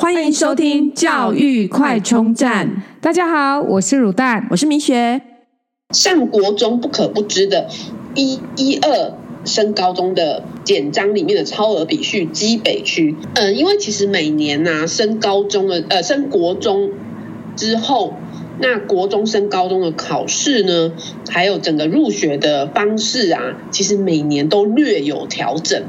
歡迎收聽教育快充站。大家好，我是滷蛋，我是明學。上國中不可不知的一一二升高中的簡章裡面的超額比序，基北區。嗯、呃，因為其實每年吶、啊，升高中的呃，升國中之後，那國中升高中的考試呢，還有整個入學的方式啊，其實每年都略有調整。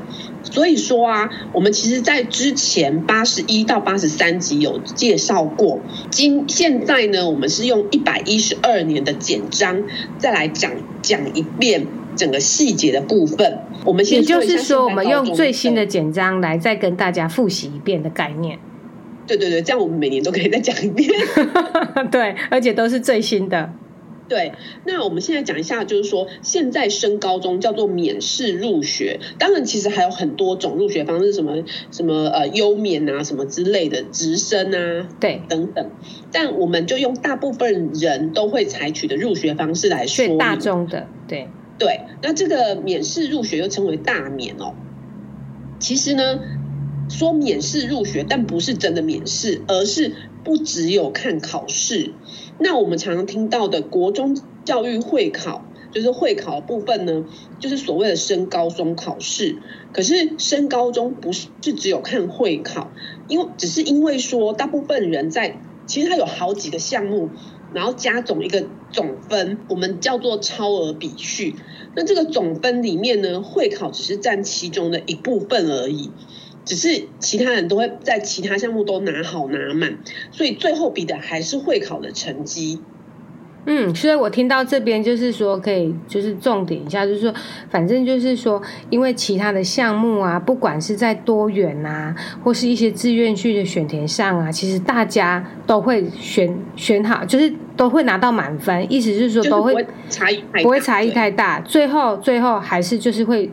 所以說啊，我們其實在之前八十一到八十三集有介紹過，今現在呢，我們是用一百一十二年的簡章再來講講一遍整個細節的部分。我們先，也就是說，我們用最新的簡章來再跟大家複習一遍的概念。對對對，這樣我們每年都可以再講一遍。 對，而且都是最新的。對，那我們現在講一下，就是說現在升高中叫做免試入學，當然其實還有很多種入學方式，什麼什麼呃優免啊，什麼之類的直升啊，對，等等。但我們就用大部分人都會採取的入學方式來說，大眾的，對對。那這個免試入學又稱為大免哦，其實呢。說免試入學，但不是真的免試，而是不只有看考試。那我們常常聽到的國中教育會考，就是會考部分呢，就是所謂的升高中考試。可是升高中不是就只有看會考，因為只是因為說大部分人在其實它有好幾個項目，然後加總一個總分，我們叫做超額比序。那這個總分裡面呢，會考只是佔其中的一部分而已。只是其他人都會在其他項目都拿好拿滿，所以最後比的還是會考的成績。嗯，所以我聽到這邊就是說，可以就是重點一下，就是說反正就是說，因為其他的項目啊，不管是在多元啊，或是一些志願序的選填上啊，其實大家都會選選好，就是都會拿到滿分。意思就是說都會不會差異太大，太大最後最後還是就是會。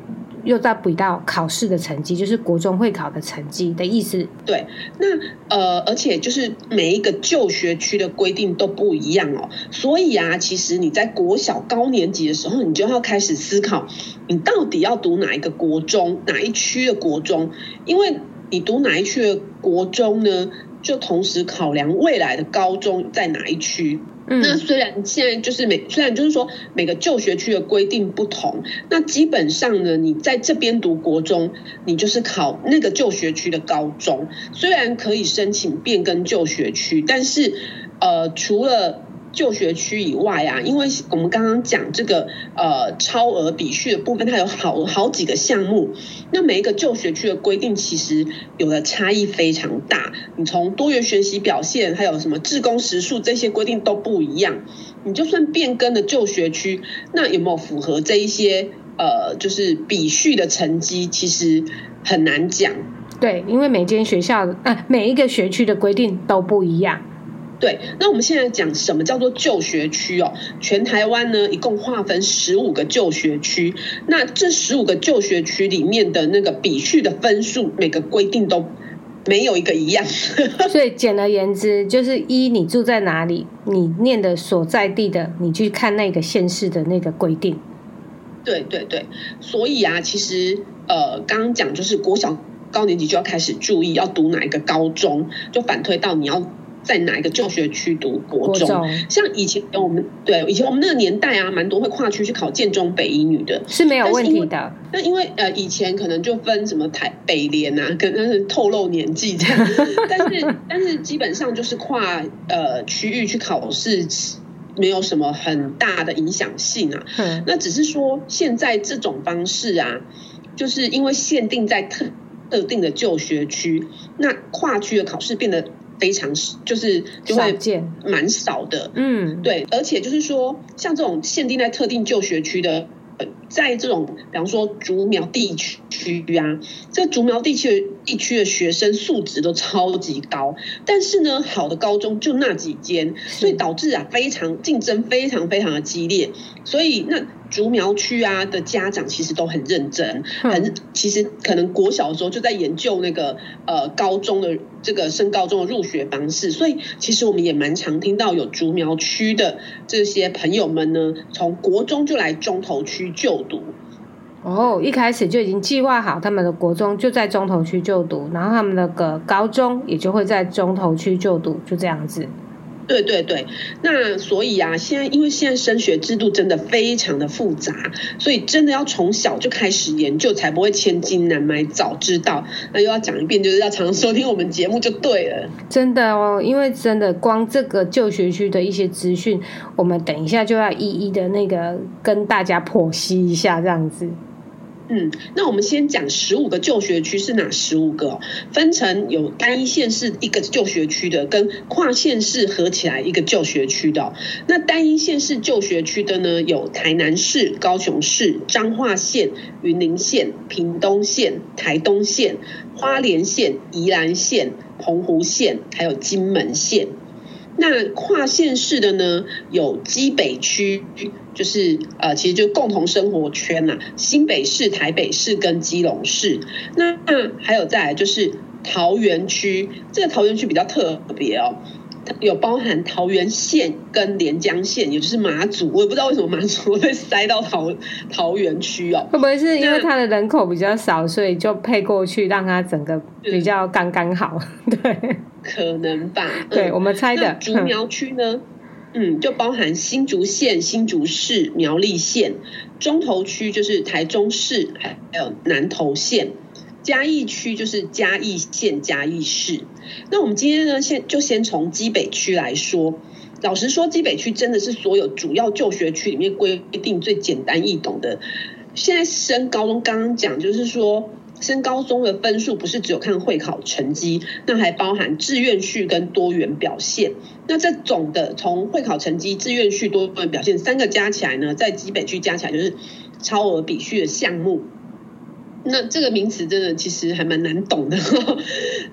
又採計到考試的成績，就是國中會考的成績的意思。對，那呃，而且就是每一個就學區的規定都不一樣哦，所以啊，其實你在國小高年級的時候，你就要開始思考，你到底要讀哪一個國中，哪一區的國中？因為你讀哪一區的國中呢，就同時考量未來的高中在哪一區。那雖然現在就是每，雖然就是說每個就學區的規定不同，那基本上呢，你在這邊讀國中，你就是考那個就學區的高中，雖然可以申請變更就學區，但是，呃，除了。就學區以外啊，因為我們剛剛講這個呃超額比序的部分，它有好好幾個項目。那每一個就學區的規定，其實有的差異非常大。你從多元學習表現，還有什麼志工時數這些規定都不一樣。你就算變更了就學區，那有沒有符合這一些呃就是比序的成績，其實很難講。對，因為每間學校啊，每一個學區的規定都不一樣。對，那我們現在講什麼叫做就學區哦？全台灣呢，一共劃分十五個就學區，那這十五個就學區裡面的那個比序的分數，每個規定都沒有一個一樣。 所以簡而言之，就是一你住在哪裡，你念的所在地的，你去看那個縣市的那個規定。對對對，所以啊，其實呃，剛剛講就是國小高年級就要開始注意要讀哪一個高中，就反推到你要。在哪一個就學區讀國中？國中，像以前我們，對，以前我們那個年代啊，蠻多會跨區去考建中、北一女的，是沒有問題的。因那因為呃，以前可能就分什麼台北聯啊，跟是透露年紀這樣， 但是但是基本上就是跨呃區域去考試，沒有什麼很大的影響性啊。嗯、那只是說現在這種方式啊，就是因為限定在特特定的就學區，那跨區的考試變得，非常是就是就會蠻少的，界嗯，對，而且就是說，像這種限定在特定就學區的呃。在這種，比方說竹苗地區區啊，這竹苗地區的地區的學生素質都超級高，但是呢，好的高中就那幾間，所以導致啊非常競爭非常非常的激烈，所以那竹苗區啊的家長其實都很認真，很其實可能國小的時候就在研究那個呃高中的這個升高中的入學方式，所以其實我們也蠻常聽到有竹苗區的這些朋友們呢，從國中就來中投區就。然後哦，一開始就已經計劃好，他們的國中就在中投區就讀，然後他們那個高中也就會在中投區就讀，就這樣子。對對對，那所以啊，現在因為現在升學制度真的非常的複雜，所以真的要從小就開始研究，才不會千金難買早知道。那又要講一遍，就是要常常收聽我們節目就對了。真的哦，因為真的光這個就學區的一些資訊，我們等一下就要一一的那個跟大家剖析一下這樣子。嗯，那我們先講十五個就學區是哪十五個哦？分成有單一縣市一個就學區的，跟跨縣市合起來一個就學區的哦。那單一縣市就學區的呢，有台南市、高雄市、彰化縣、雲林縣、屏東縣、台東縣、花蓮縣、宜蘭縣、澎湖縣，澎湖縣，還有金門縣。那跨縣市的呢？有基北區，就是呃，其實就共同生活圈嘛、啊，新北市、台北市跟基隆市。那還有再來就是桃園區，這個桃園區比較特別哦。有包含桃園縣跟連江縣，也就是馬祖，我也不知道為什麼馬祖會塞到桃桃園區哦。會不會是因為它的人口比較少，那所以就配過去讓它整個比較剛剛好？是對，可能吧。嗯、對，我們猜的。竹苗區呢？嗯，嗯，就包含新竹縣、新竹市、苗栗縣、中投區，就是台中市，還有南投縣。嘉義區就是嘉義縣、嘉義市。那我們今天呢，先就先從基北區來說。老實說，基北區真的是所有主要就學區裡面規定最簡單易懂的。現在升高中，剛剛講就是說，升高中的分數不是只有看會考成績，那還包含志願序跟多元表現。那這種的，從會考成績、志願序、多元表現三個加起來呢，在基北區加起來就是超額比序的項目。那這個名詞真的其實還蠻難懂的。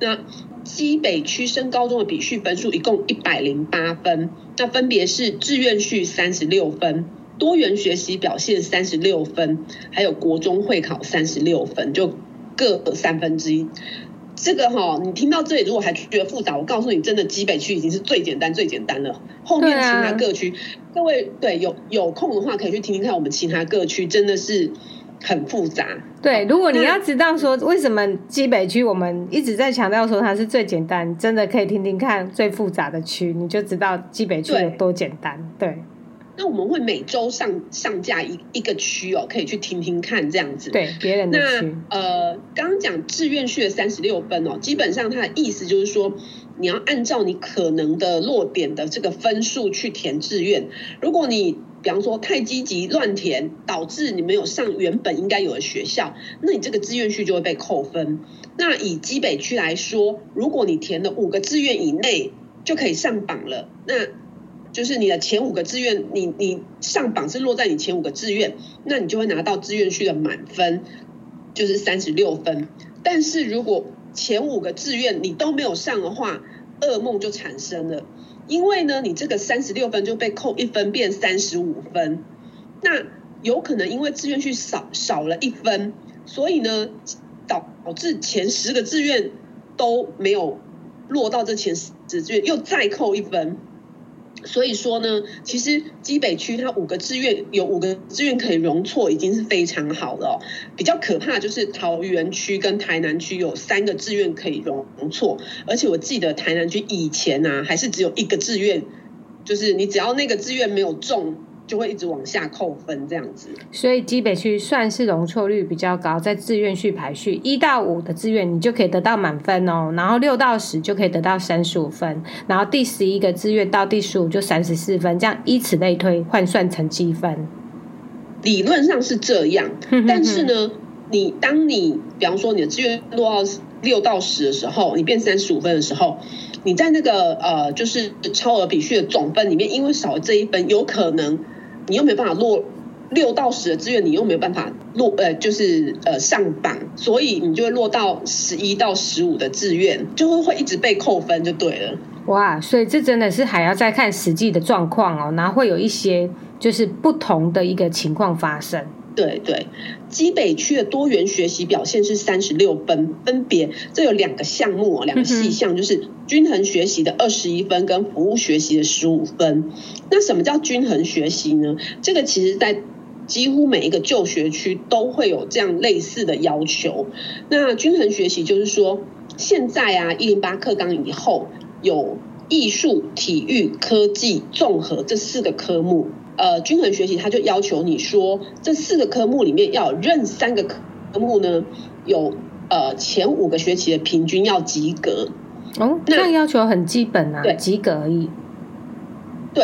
那基北區升高中的比序分數一共一百零八分，那分別是志願序三十六分，多元學習表現三十六分，還有國中會考三十六分，就各三分之一。這個哈、哦，你聽到這裡如果還覺得複雜，我告訴你，真的基北區已經是最簡單、最簡單了。後面其他各區，啊、各位對有有空的話可以去聽聽看，我們其他各區真的是。很複雜，對。如果你要知道說為什麼基北區，我們一直在強調說它是最簡單，真的可以聽聽看最複雜的區，你就知道基北區有多簡單。對。對，那我們會每週上上架一一個區哦，可以去聽聽看這樣子。對，別人的區那。呃，剛剛講志願序的三十六分哦，基本上它的意思就是說，你要按照你可能的落點的這個分數去填志願。如果你比方說太積極亂填，導致你沒有上原本應該有的學校，那你這個志願序就會被扣分。那以基北區來說，如果你填了五個志願以內就可以上榜了，那就是你的前五個志願，你你上榜是落在你前五個志願，那你就會拿到志願序的滿分，就是三十六分。但是如果前五個志願你都沒有上的話，噩夢就產生了。因為呢，你這個三十六分就被扣一分，變三十五分。那有可能因為志願去少少了一分，所以呢，導導致前十個志願都沒有落到這前十個志願，又再扣一分。所以說呢，其實基北區它五個志願，有五個志願可以容錯，已經是非常好了哦。比較可怕的就是桃園區跟台南區有三個志願可以容錯，而且我記得台南區以前啊，還是只有一個志願，就是你只要那個志願沒有中。就會一直往下扣分，這樣子。所以基北區算是容錯率比較高，在志願序排序一到五的志願，你就可以得到滿分哦。然後六到十就可以得到三十五分，然後第十一個志願到第十五就三十四分，這樣依此類推換算成積分。理論上是這樣， 但是呢，你當你比方說你的志願落到六到十的時候，你變成三十五分的時候，你在那個呃就是超額比序的總分裡面，因為少了這一分，有可能。你又沒有辦法落六到十的志願，你又沒有辦法落呃，就是呃上榜，所以你就會落到十一到十五的志願，就會會一直被扣分，就對了。哇，所以這真的是還要再看實際的狀況哦，然後會有一些就是不同的一個情況發生。對對，基北區的多元學習表現是三十六分，分別這有兩個項目，兩個細項，嗯、哼就是均衡學習的二十一分跟服務學習的十五分。那什麼叫均衡學習呢？這個其實在幾乎每一個就學區都會有這樣類似的要求。那均衡學習就是說，現在啊一零八課綱以後有藝術、體育、科技、綜合這四個科目。呃，均衡學習，他就要求你說，這四個科目裡面要有認三個科目呢，有呃前五個學期的平均要及格。哦，那這樣要求很基本啊。對，對，及格而已。對、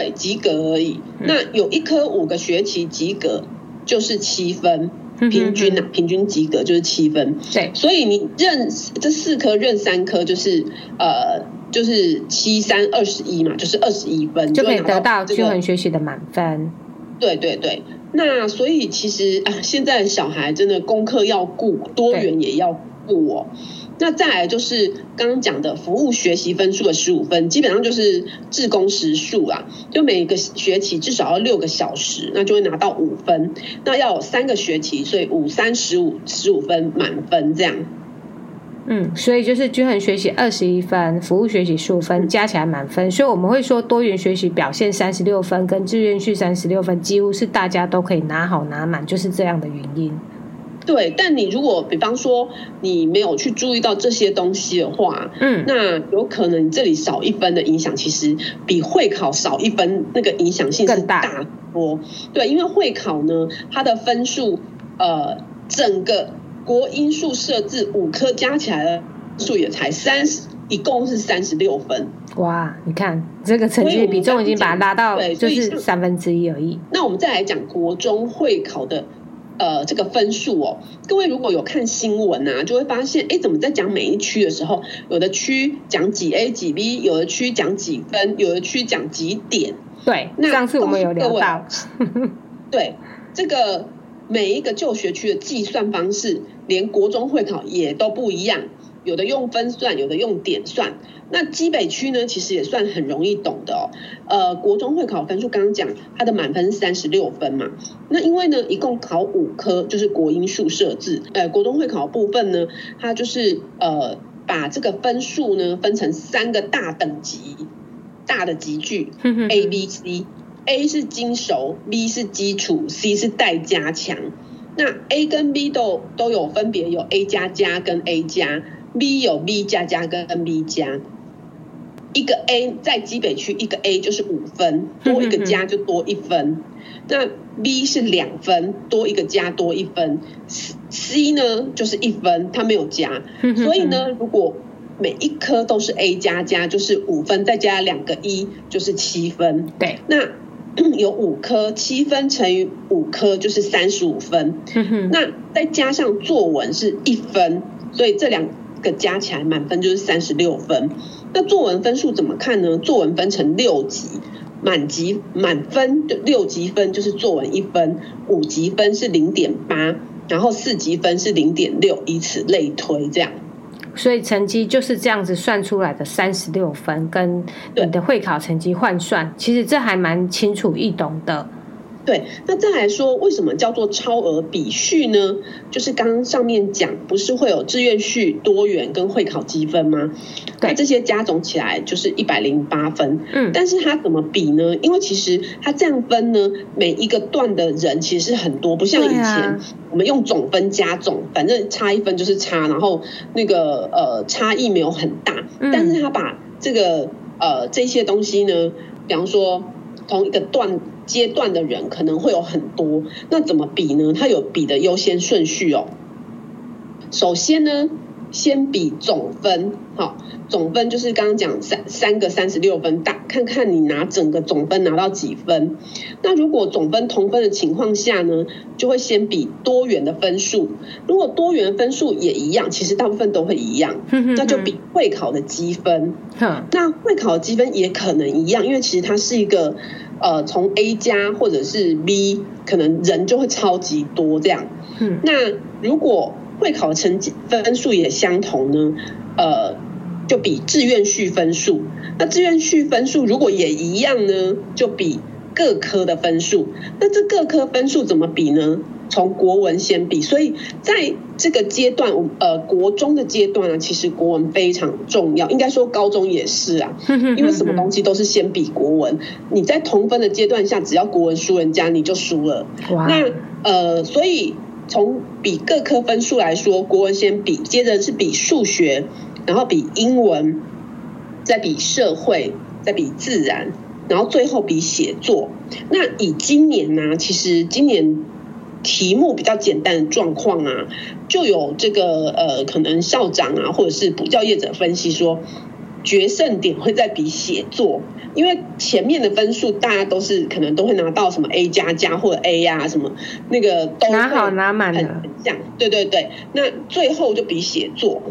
嗯，及格而已。那有一科五個學期及格就是七分，嗯、哼平均啊，嗯、哼平均及格就是七分。對，所以你認這四科認三科就是呃。就是七三二十一嘛，就是二十一分就可以得到均衡學習的滿分。對對對，那所以其實啊，現在小孩真的功課要顧，多元也要顧哦。那再來就是剛剛講的服務學習分數的十五分，基本上就是志工時數啊，就每個學期至少要六個小時，那就會拿到五分。那要有三個學期，所以五三十五十五分滿分這樣。嗯，所以就是均衡學習二十一分，服務學習十五分，加起來滿分。嗯、所以我們會說多元學習表現三十六分，跟志願序三十六分，幾乎是大家都可以拿好拿滿，就是這樣的原因。對，但你如果比方說你沒有去注意到這些東西的話，嗯，那有可能你這裡少一分的影響，其實比會考少一分那個影響性大更大多、啊。對，因為會考呢，它的分數呃整個。國英數社自五科加起來的數也才三十，一共是三十六分。哇，你看這個成績比重已經把它拉到就是三分之一而已。那我們再來講國中會考的呃這個分數哦，各位如果有看新聞啊，就會發現，哎、欸，怎麼在講每一區的時候，有的區講幾 A 幾 B，有的區講幾分，有的區講幾,幾點？對，那上次我們有聊到，對這個。每一個就學區的計算方式，連國中會考也都不一樣，有的用分算，有的用點算。那基北區呢，其實也算很容易懂的哦。呃，國中會考分數剛剛講，它的滿分是三十六分嘛。那因為呢，一共考五科，就是國英數設置。呃，國中會考部分呢，它就是呃把這個分數呢分成三個大等級，大的級距 A、B、C。A 是精熟，B 是基礎，C 是待加強。那 A 跟 B 都，都有分別，有 A 加加跟 A 加，B 有 B 加加跟 B 加。一個 A 在基北區，一個 A 就是五分，多一個加就多一分。嗯、哼哼。那 B 是兩分，多一個加多一分。C 呢就是一分，它沒有加，嗯、哼哼。所以呢，如果每一科都是 A 加加，就是五分，再加兩個一、e、就是七分。對，那。有五科，七分乘以五科就是三十五分，嗯哼，那再加上作文是一分，所以這兩個加起來滿分就是三十六分。那作文分數怎麼看呢？作文分成六級，滿級滿分的六級分就是作文一分，五級分是零點八，然後四級分是零點六，以此類推，這樣。所以成績就是這樣子算出來的36，三十六分跟你的會考成績換算，其實這還蠻清楚易懂的。對，那再來說，為什麼叫做超額比序呢？就是剛剛上面講，不是會有志願序、多元跟會考積分嗎？那對這些加總起來就是一百零八分。嗯，但是它怎麼比呢？因為其實它這樣分呢，每一個段的人其實是很多，不像以前我們用總分加總，反正差一分就是差，然後那個呃差異沒有很大。嗯，但是它把這個呃這些東西呢，比方說。同一個段階段的人可能會有很多，那怎麼比呢？它有比的優先順序哦。首先呢。先比總分，好，總分就是剛剛講三三個三十六分大，看看你拿整個總分拿到幾分。那如果總分同分的情況下呢，就會先比多元的分數。如果多元分數也一樣，其實大部分都會一樣，那就比會考的積分。 那會考的積分也可能一樣，因為其實它是一個呃從 A 加或者是 B，可能人就會超級多這樣。 那如果會考成績分數也相同呢，呃，就比志願序分數。那志願序分數如果也一樣呢，就比各科的分數。那這各科分數怎麼比呢？從國文先比。所以在這個階段，呃，國中的階段啊，其實國文非常重要。應該說高中也是啊，因為什麼東西都是先比國文。 你在同分的階段下，只要國文輸人家，你就輸了。Wow. 那呃，所以。從比各科分數來說，國文先比，接着是比數學，然後比英文，再比社會，再比自然，然後最後比寫作。那以今年呢，其實今年題目比較簡單的狀況啊，就有這個呃，可能校長啊，或者是補教業者分析說。決勝點會在比寫作，因為前面的分數大家都是可能都會拿到什麼 A 加加或者 A 呀、啊，什麼那個都很像拿好拿滿的，對對對。那最後就比寫作，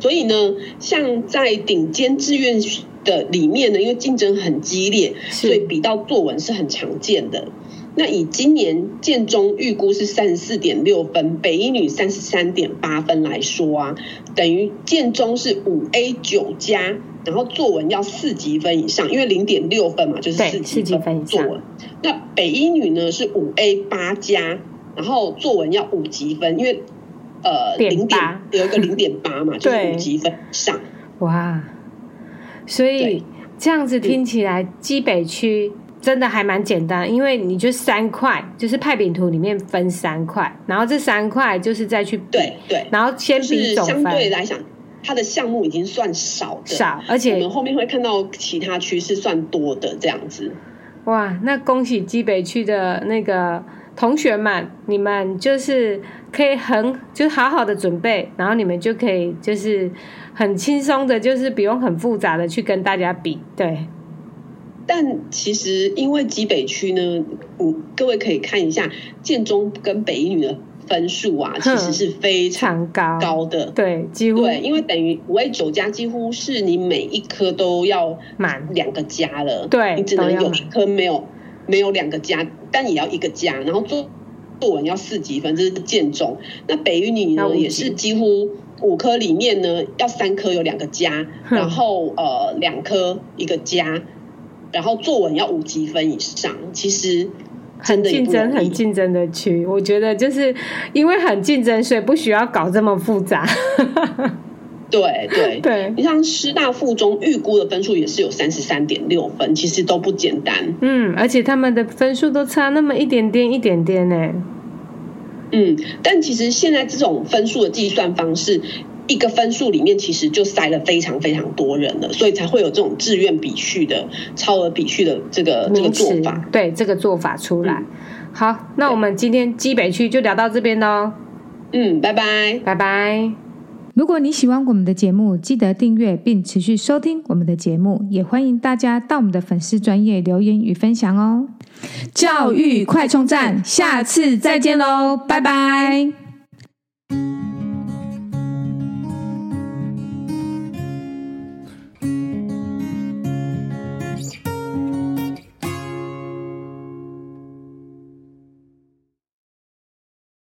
所以呢，像在頂尖志願的裡面呢，因為競爭很激烈，是所以比到作文是很常見的。那以今年建中預估是三十四點六分，北一女三十三點八分來說啊，等於建中是五 A 九加，然後作文要四級分以上，因為零點六分嘛，就是四四級分以上作文。那北一女呢是五 A 八加，然後作文要五級分，因為呃零點八有一個零點八嘛， 對就是五級分以上。哇，所以對這樣子聽起來，基北區。真的還蠻簡單，因為你就三塊，就是派餅圖裡面分三塊，然後這三塊就是再去比，對對，對，然後先比總分。就是相對來講，它的項目已經算少的，少，而且你們後面會看到其他區是算多的這樣子。哇，那恭喜基北區的那個同學們，你們就是可以很就是好好的準備，然後你們就可以就是很輕鬆的，就是不用很複雜的去跟大家比，對。但其實，因為基北區呢，嗯，各位可以看一下建中跟北一女的分數啊，呵其實是非常高高的。對，幾乎對，因為等於五 A 九加幾乎是你每一科都要滿兩個加了。對，你只能有一科沒有沒有兩個加，但也要一個加。然後作作文要四級分，這是建中。那北一女呢，也是幾乎五科裡面呢要三科有兩個加，嗯、然後呃兩科一個加。然後作文要五級分以上，其實的很競爭、很競爭的區。我覺得就是因為很競爭，所以不需要搞這麼複雜。對 對對，對對你像師大附中預估的分數也是有三十三點六分，其實都不簡單。嗯，而且他們的分數都差那麼一點點、一點點呢。嗯，但其實現在這種分數的計算方式。一個分數裡面其實就塞了非常非常多人了，所以才會有這種志願比序的超額比序的這個持這個做法。對，這個做法出來。嗯、好，那我們今天基北區就聊到這邊嘍。對嗯，拜拜、拜拜。如果你喜歡我們的節目，記得訂閱並持續收聽我們的節目，也歡迎大家到我們的粉絲專頁留言與分享哦。教育快充站，下次再見嘍，拜拜。